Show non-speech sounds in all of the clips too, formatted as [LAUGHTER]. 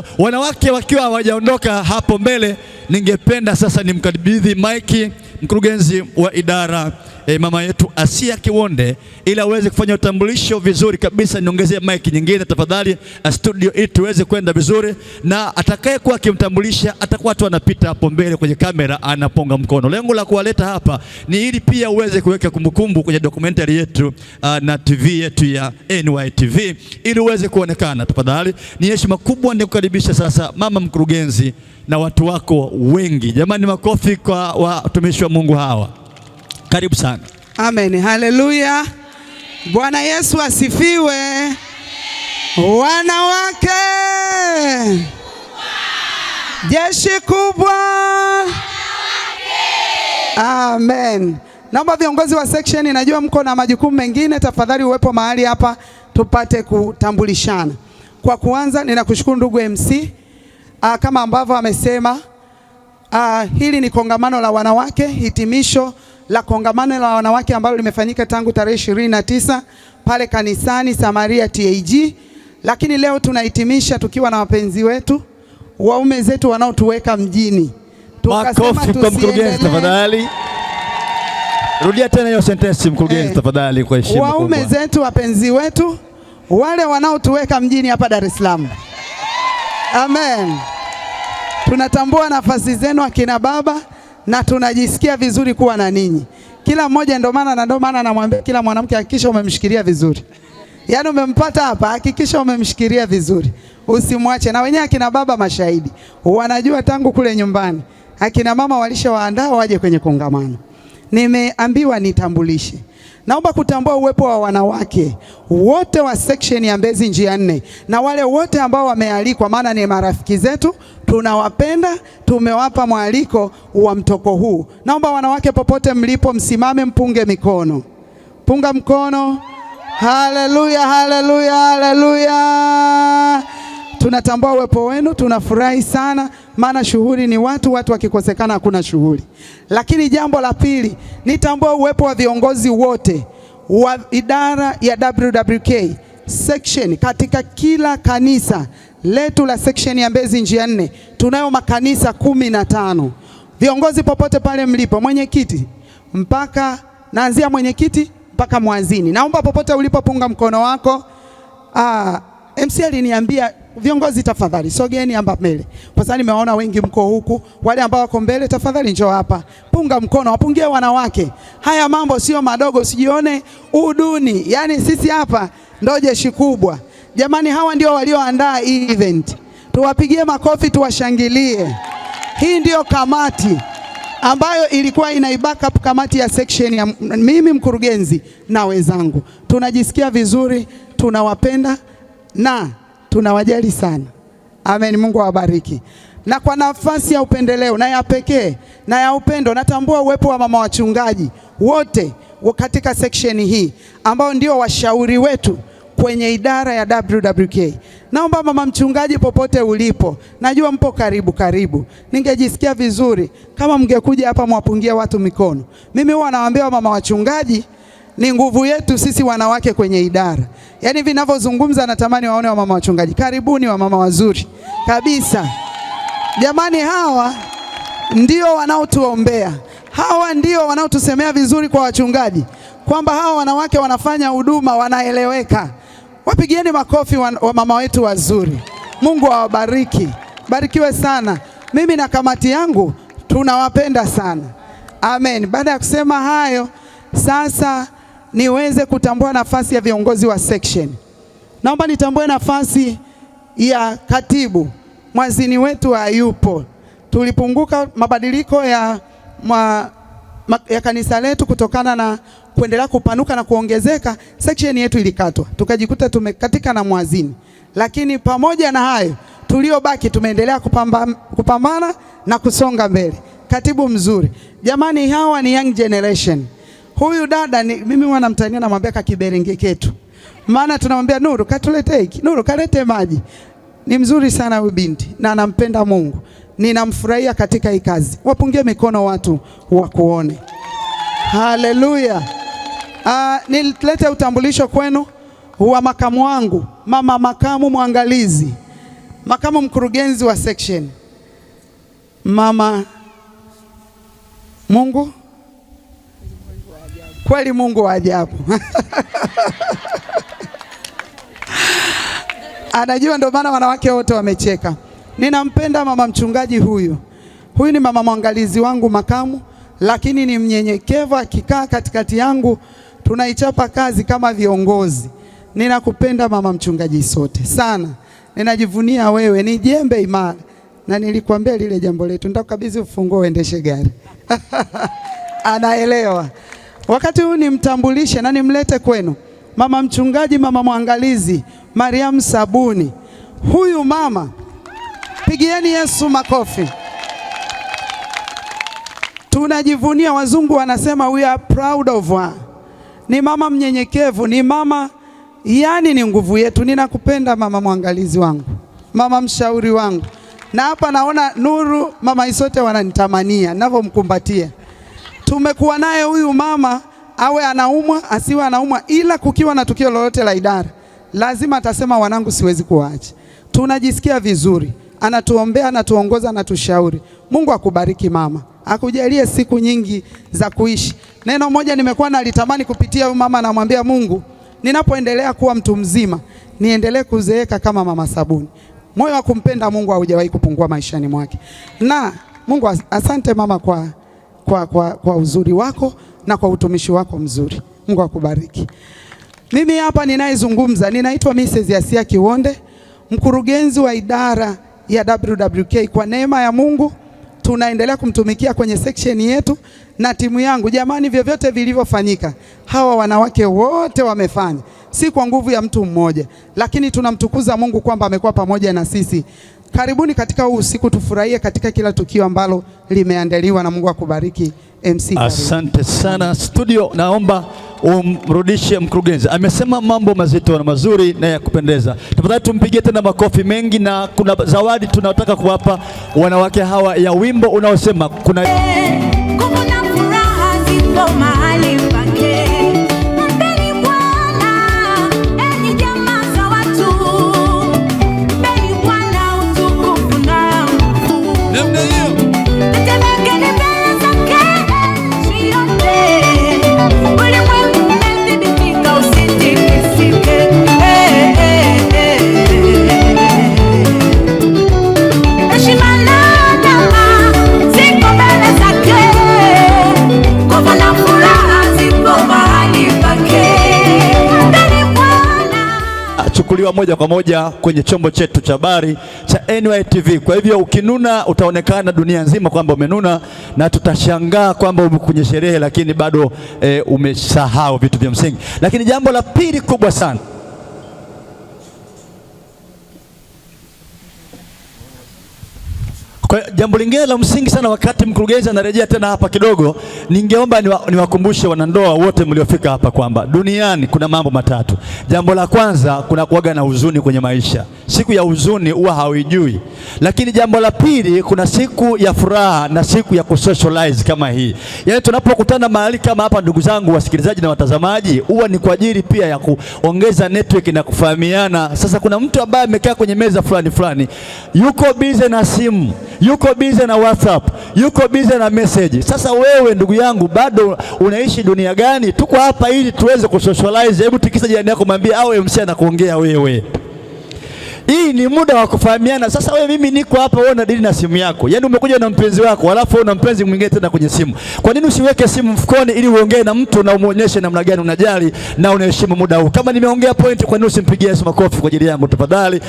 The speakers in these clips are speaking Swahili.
hiyo wanawake wakiwa hawajaondoka hapo mbele, ningependa sasa nimkabidhi maiki mkurugenzi wa idara e, mama yetu Asia Kiwonde ili aweze kufanya utambulisho vizuri kabisa. Niongezee mic nyingine tafadhali studio, ili tuweze kwenda vizuri, na atakayekuwa akimtambulisha atakuwa tu anapita hapo mbele kwenye kamera anaponga mkono. Lengo la kuwaleta hapa ni ili pia uweze kuweka kumbukumbu kwenye documentary yetu uh, na TV yetu ya NYTV ili uweze kuonekana. Tafadhali, ni heshima kubwa nikukaribisha sasa mama mkurugenzi na watu wako wengi. Jamani, makofi kwa watumishi wa Mungu hawa. Karibu sana. Amen, haleluya. Bwana Yesu asifiwe. Wanawake, jeshi kubwa. Amen. Naomba viongozi wa section, najua mko na majukumu mengine, tafadhali uwepo mahali hapa tupate kutambulishana. Kwa kuanza, ninakushukuru ndugu MC. Aa, ah, kama ambavyo amesema, ah, hili ni kongamano la wanawake hitimisho la kongamano la wanawake ambalo limefanyika tangu tarehe ishirini na tisa pale kanisani Samaria TAG, lakini leo tunahitimisha tukiwa na wapenzi wetu waume zetu wanaotuweka mjini. Makofi kwa mkurugenzi tafadhali. Rudia tena hiyo sentensi mkurugenzi, eh, tafadhali kwa heshima. Waume zetu wapenzi wetu wale wanaotuweka mjini hapa Dar es Salaam. Amen. Tunatambua nafasi zenu akina baba na tunajisikia vizuri kuwa na ninyi kila mmoja. Ndio maana na ndio maana namwambia kila mwanamke hakikisha umemshikilia vizuri, yaani umempata hapa, hakikisha umemshikilia vizuri, usimwache. Na wenyewe akina baba mashahidi wanajua tangu kule nyumbani, akina mama walishawaandaa waje kwenye kongamano. Nimeambiwa nitambulishe Naomba kutambua uwepo wa wanawake wote wa section ya Mbezi njia nne na wale wote ambao wamealikwa, maana ni marafiki zetu, tunawapenda, tumewapa mwaliko wa mtoko huu. Naomba wanawake popote mlipo, msimame mpunge mikono, punga mkono. Haleluya, haleluya, haleluya! Tunatambua uwepo wenu, tunafurahi sana maana shughuli ni watu, watu wakikosekana hakuna shughuli. Lakini jambo la pili, nitambua uwepo wa viongozi wote wa idara ya WWK section katika kila kanisa letu la section ya Mbezi njia nne, tunayo makanisa kumi na tano. Viongozi popote pale mlipo, mwenyekiti mpaka naanzia mwenyekiti mpaka mwanzini, naomba popote ulipopunga mkono wako. Aa, ah, MC aliniambia Viongozi tafadhali sogeni hapa mbele, kwa sababu nimewaona wengi mko huku. Wale ambao wako mbele, tafadhali njoo hapa, punga mkono, wapungie wanawake. Haya mambo sio madogo, usijione uduni. Yaani sisi hapa ndo jeshi kubwa jamani. Hawa ndio walioandaa hii event, tuwapigie makofi, tuwashangilie. Hii ndio kamati ambayo ilikuwa ina backup kamati ya section ya mimi mkurugenzi na wenzangu. Tunajisikia vizuri, tunawapenda na tunawajali sana. Amen, Mungu awabariki. Na kwa nafasi ya upendeleo na ya pekee na ya upendo, natambua uwepo wa mama wachungaji wote katika seksheni hii ambao ndio washauri wetu kwenye idara ya WWK. Naomba mama mchungaji, popote ulipo, najua mpo karibu karibu, ningejisikia vizuri kama mngekuja hapa mwapungia watu mikono. Mimi huwa nawaambia mama wachungaji ni nguvu yetu sisi wanawake kwenye idara. Yaani vinavyozungumza, natamani waone wamama wachungaji. Karibuni wamama wazuri kabisa jamani, hawa ndio wanaotuombea, hawa ndio wanaotusemea vizuri kwa wachungaji kwamba hawa wanawake wanafanya huduma, wanaeleweka. Wapigieni makofi wamama wetu wazuri. Mungu awabariki, barikiwe sana. Mimi na kamati yangu tunawapenda sana. Amen. Baada ya kusema hayo sasa niweze kutambua nafasi ya viongozi wa section, naomba nitambue nafasi ya katibu. Mwazini wetu hayupo, tulipunguka mabadiliko ya, ma, ma, ya kanisa letu kutokana na kuendelea kupanuka na kuongezeka. Section yetu ilikatwa tukajikuta tumekatika na mwazini, lakini pamoja na hayo tuliobaki tumeendelea kupambana, kupambana na kusonga mbele. Katibu mzuri jamani, hawa ni young generation. Huyu dada ni mimi mwanamtania namwambia kakiberenge ketu, maana tunamwambia Nuru katuletee hiki, Nuru kalete maji. Ni mzuri sana huyu binti na anampenda Mungu, ninamfurahia katika hii kazi. Wapungie mikono watu wakuone. Haleluya! Uh, ah, nilete utambulisho kwenu wa makamu wangu, mama makamu mwangalizi, makamu mkurugenzi wa section, mama Mungu Kweli Mungu wa ajabu [LAUGHS] anajua, ndio maana wanawake wote wamecheka. Ninampenda mama mchungaji huyu. Huyu ni mama mwangalizi wangu makamu, lakini ni mnyenyekevu. Akikaa katikati yangu tunaichapa kazi kama viongozi. Ninakupenda mama mchungaji, sote sana, ninajivunia wewe, ni jembe imara, na nilikwambia lile jambo letu, nitakukabidhi ufunguo uendeshe gari [LAUGHS] anaelewa. Wakati huu nimtambulishe na nimlete kwenu mama mchungaji, mama mwangalizi Mariamu Sabuni. Huyu mama, pigieni Yesu makofi. Tunajivunia, wazungu wanasema we are proud of her. Ni mama mnyenyekevu, ni mama yani, ni nguvu yetu. Ninakupenda mama mwangalizi wangu, mama mshauri wangu, na hapa naona Nuru, mama Isote wananitamania ninavyomkumbatia tumekuwa naye huyu mama, awe anaumwa asiwe anaumwa, ila kukiwa na tukio lolote la idara, lazima atasema wanangu, siwezi kuwaacha. Tunajisikia vizuri, anatuombea, anatuongoza, anatushauri. Mungu akubariki mama, akujalie siku nyingi za kuishi. Neno moja nimekuwa nalitamani kupitia huyu mama, namwambia Mungu, ninapoendelea kuwa mtu mzima niendelee kuzeeka kama mama Sabuni. Moyo wa kumpenda Mungu haujawahi kupungua maishani mwake. Na Mungu, asante mama kwa kwa, kwa, kwa uzuri wako na kwa utumishi wako mzuri. Mungu akubariki. Mimi hapa ninayezungumza ninaitwa Mrs. Yasia Kiwonde, mkurugenzi wa idara ya WWK. Kwa neema ya Mungu tunaendelea kumtumikia kwenye section yetu na timu yangu. Jamani, vyovyote vilivyofanyika, hawa wanawake wote wamefanya, si kwa nguvu ya mtu mmoja, lakini tunamtukuza Mungu kwamba amekuwa pamoja na sisi. Karibuni katika huu usiku, tufurahie katika kila tukio ambalo limeandaliwa na Mungu akubariki. MC, asante sana studio. Naomba umrudishe mkurugenzi, amesema mambo mazito na mazuri na ya kupendeza. Tafadhali tumpigie tena makofi mengi, na kuna zawadi tunataka kuwapa wanawake hawa ya wimbo unaosema kuna yanachukuliwa moja kwa moja kwenye chombo chetu cha habari cha nytv Kwa hivyo ukinuna, utaonekana dunia nzima kwamba umenuna, na tutashangaa kwamba kwenye sherehe, lakini bado e, umesahau vitu vya msingi. Lakini jambo la pili kubwa sana Kwa jambo lingine la msingi sana, wakati mkurugenzi anarejea tena hapa kidogo, ningeomba niwakumbushe ni wanandoa wote mliofika hapa kwamba duniani kuna mambo matatu. Jambo la kwanza, kuna kuaga na huzuni kwenye maisha. Siku ya huzuni huwa hauijui, lakini jambo la pili, kuna siku ya furaha na siku ya kusocialize kama hii. Yaani tunapokutana mahali kama hapa, ndugu zangu wasikilizaji na watazamaji, huwa ni kwa ajili pia ya kuongeza network na kufahamiana. Sasa kuna mtu ambaye amekaa kwenye meza fulani fulani, yuko busy na simu yuko bize na WhatsApp, yuko bize na message. Sasa wewe ndugu yangu, bado unaishi dunia gani? Tuko hapa ili tuweze kusocialize. Hebu tikisa jirani yako, mwambie au MC anakuongea wewe. Hii ni muda wa kufahamiana. Sasa wewe, mimi niko hapa, wewe unadili na simu yako, yaani umekuja na mpenzi wako, alafu una mpenzi mwingine tena kwenye simu. Kwa nini usiweke simu mfukoni ili uongee na mtu na umuonyeshe namna gani unajali na unaheshimu muda huu? Kama nimeongea point, kwa nini usimpigie Yesu makofi kwa ajili yangu tafadhali?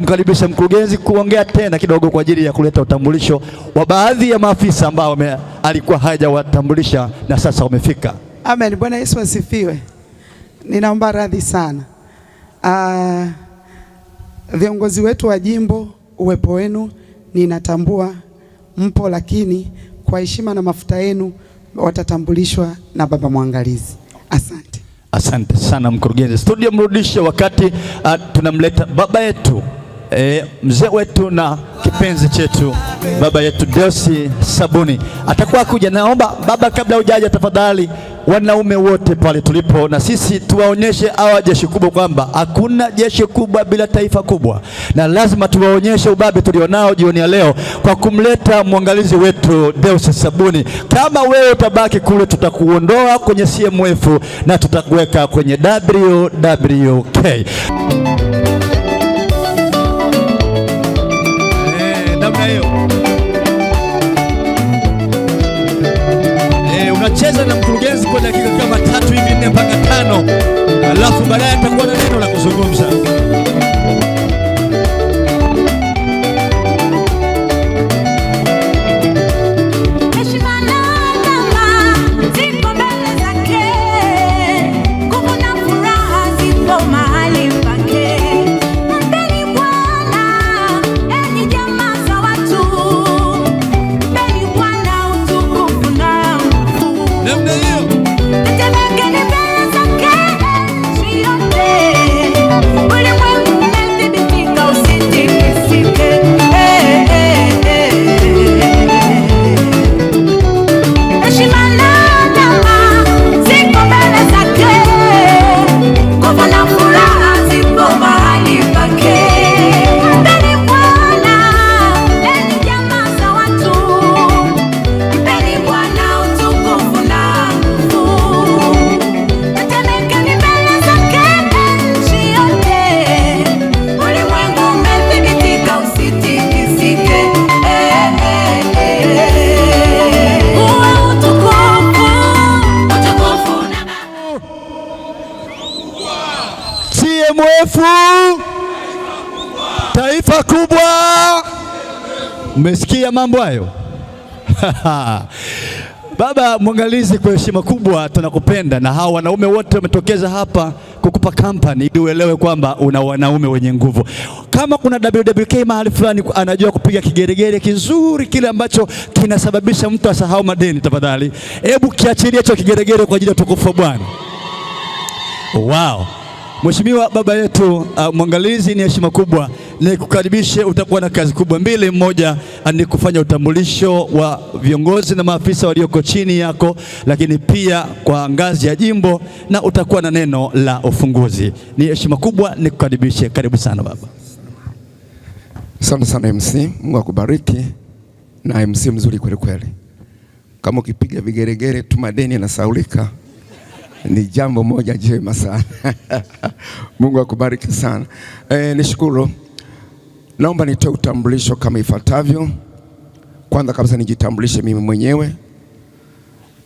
mkaribisha mkurugenzi kuongea tena kidogo kwa ajili ya kuleta utambulisho wa baadhi ya maafisa ambao alikuwa hajawatambulisha na sasa wamefika. Amen. Bwana Yesu asifiwe. Ninaomba radhi sana. Uh viongozi wetu wa jimbo, uwepo wenu ninatambua mpo, lakini kwa heshima na mafuta yenu watatambulishwa na baba mwangalizi. Asante, asante sana mkurugenzi. Studio mrudishe wakati uh, tunamleta baba yetu E, mzee wetu na kipenzi chetu baba yetu Deusi Sabuni atakuwa kuja. Naomba baba, kabla hujaja, tafadhali wanaume wote pale tulipo, na sisi tuwaonyeshe hawa jeshi kubwa kwamba hakuna jeshi kubwa bila taifa kubwa, na lazima tuwaonyeshe ubabe tulionao jioni ya leo kwa kumleta mwangalizi wetu Deus Sabuni. Kama wewe utabaki kule, tutakuondoa kwenye CMF na tutakuweka kwenye WWK. Them mambo hayo? [LAUGHS] Baba mwangalizi, kwa heshima kubwa tunakupenda, na hawa wanaume wote wametokeza hapa kukupa kampani ili uelewe kwamba una wanaume wenye nguvu. Kama kuna WWK mahali fulani anajua kupiga kigeregere kizuri kile ambacho kinasababisha mtu asahau madeni, tafadhali hebu kiachilie hicho kigeregere kwa ajili ya utukufu wa Bwana. Wow, Mheshimiwa baba yetu uh, mwangalizi, ni heshima kubwa nikukaribishe, utakuwa na kazi kubwa mbili. Mmoja ni kufanya utambulisho wa viongozi na maafisa walioko chini yako, lakini pia kwa ngazi ya jimbo, na utakuwa na neno la ufunguzi. Ni heshima kubwa, nikukaribishe. Karibu sana baba. Asante sana MC, Mungu akubariki na MC mzuri kweli kweli. Kama ukipiga vigeregere tu madeni yanasaulika, ni jambo moja jema sana [LAUGHS] Mungu akubariki sana. E, nishukuru Naomba nitoe utambulisho kama ifuatavyo. Kwanza kabisa nijitambulishe mimi mwenyewe,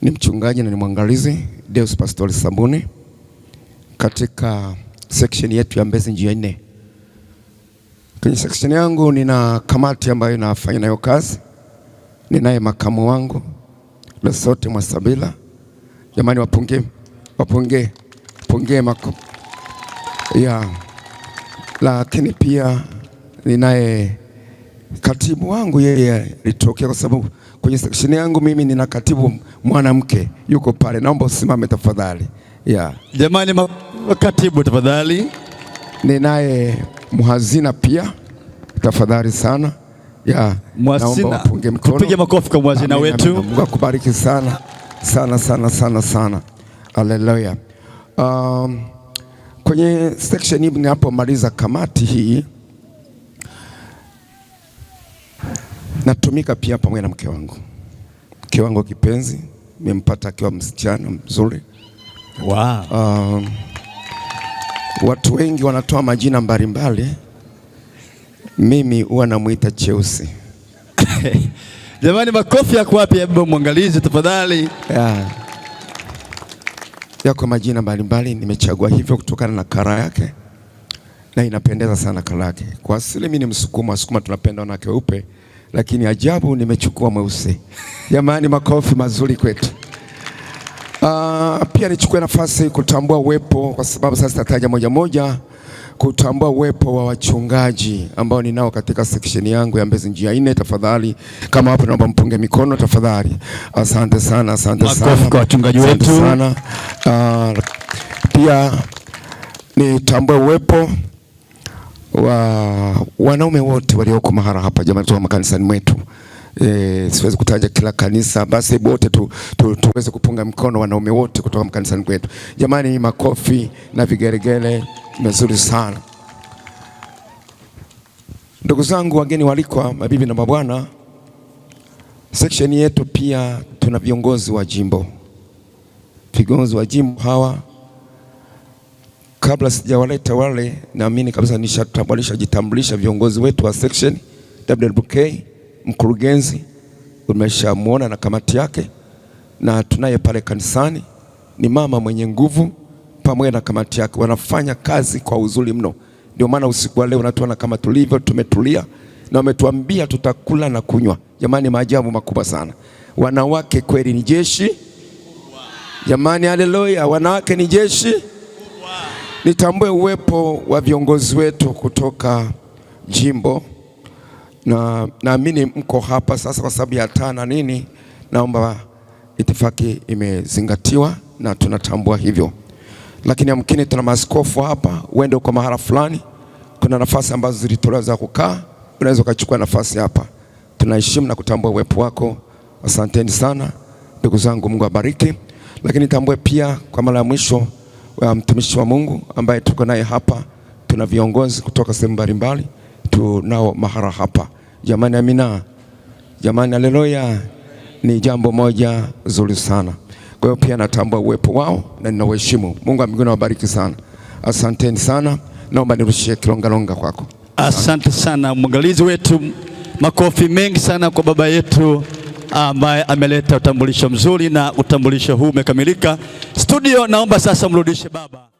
ni mchungaji na ni mwangalizi Deus Pastor Sabuni katika section yetu ya Mbezi njia nne. Kwenye section yangu nina kamati ambayo inafanya nayo kazi, ninaye makamu wangu losote Mwasabila. Jamani, wapongee wapongee pongee mako yeah. Lakini pia ninaye katibu wangu, yeye alitokea kwa sababu kwenye seksheni yangu mimi nina katibu mwanamke yuko pale, naomba usimame tafadhali. Yeah. Jamani, katibu tafadhali. Ninaye mhazina pia tafadhali sana. Yeah. Mhazina, tupige makofi kwa mhazina wetu. Mungu akubariki sana sana sana sana sana. Haleluya. Um, kwenye section hii ninapomaliza kamati hii Natumika pia pamoja na mke wangu, mke wangu kipenzi, nimempata akiwa msichana mzuri wow. Um, watu wengi wanatoa majina mbalimbali, mimi huwa namwita Cheusi. [LAUGHS] Jamani, makofi ya kuwapi? Hebu mwangalizi tafadhali yeah. Yako majina mbalimbali, nimechagua hivyo kutokana na kara yake na inapendeza sana kara yake. Kwa asili mimi ni Msukuma, Wasukuma tunapenda wanawake weupe lakini ajabu nimechukua mweusi. Jamani, makofi mazuri kwetu. Uh, pia nichukue nafasi kutambua uwepo, kwa sababu sasa nitataja moja moja, kutambua uwepo wa wachungaji ambao ninao katika section yangu ya Mbezi njia nne. Tafadhali kama hapo, naomba mpunge mikono tafadhali. Asante sana, asante sana kwa wachungaji wetu Uh, pia nitambue uwepo wa wanaume wote walioko mahara hapa, jamani, toa makanisani mwetu E, siwezi kutaja kila kanisa, basi wote tu, tu, tuweze kupunga mkono wanaume wote kutoka makanisani kwetu jamani, makofi na vigeregele mazuri sana. Ndugu zangu, wageni walikwa, mabibi na mabwana, section yetu pia tuna viongozi wa jimbo. Viongozi wa jimbo hawa Kabla sijawaleta wale, naamini kabisa nishajitambulisha viongozi wetu wa section WWK, mkurugenzi umeshamwona na kamati yake, na tunaye pale kanisani ni mama mwenye nguvu pamoja na kamati yake, wanafanya kazi kwa uzuri mno. Ndio maana usiku wa leo natuona kama tulivyo tumetulia, na wametuambia tutakula na kunywa. Jamani, maajabu makubwa sana. Wanawake kweli ni jeshi, jamani, haleluya! Wanawake ni jeshi. Nitambue uwepo wa viongozi wetu kutoka jimbo, na naamini mko hapa sasa kwa sababu ya taa na nini. Naomba itifaki imezingatiwa na tunatambua hivyo, lakini amkini tuna maskofu hapa, uende kwa mahala fulani, kuna nafasi ambazo zilitolewa za kukaa, unaweza ukachukua nafasi hapa. Tunaheshimu na kutambua uwepo wako, asanteni sana ndugu zangu, Mungu abariki. Lakini nitambue pia kwa mara ya mwisho Uh, mtumishi wa Mungu ambaye tuko naye hapa. Tuna viongozi kutoka sehemu mbalimbali, tunao mahara hapa. Jamani, amina. Jamani, haleluya. Ni jambo moja zuri sana. Kwa hiyo pia natambua uwepo wao na ninawaheshimu. Mungu wa mbinguni awabariki sana, asanteni sana. Naomba nirushie kilongalonga kwako. Asante sana mwangalizi wetu, makofi mengi sana kwa baba yetu ambaye ameleta utambulisho mzuri na utambulisho huu umekamilika. Studio, naomba sasa mrudishe baba.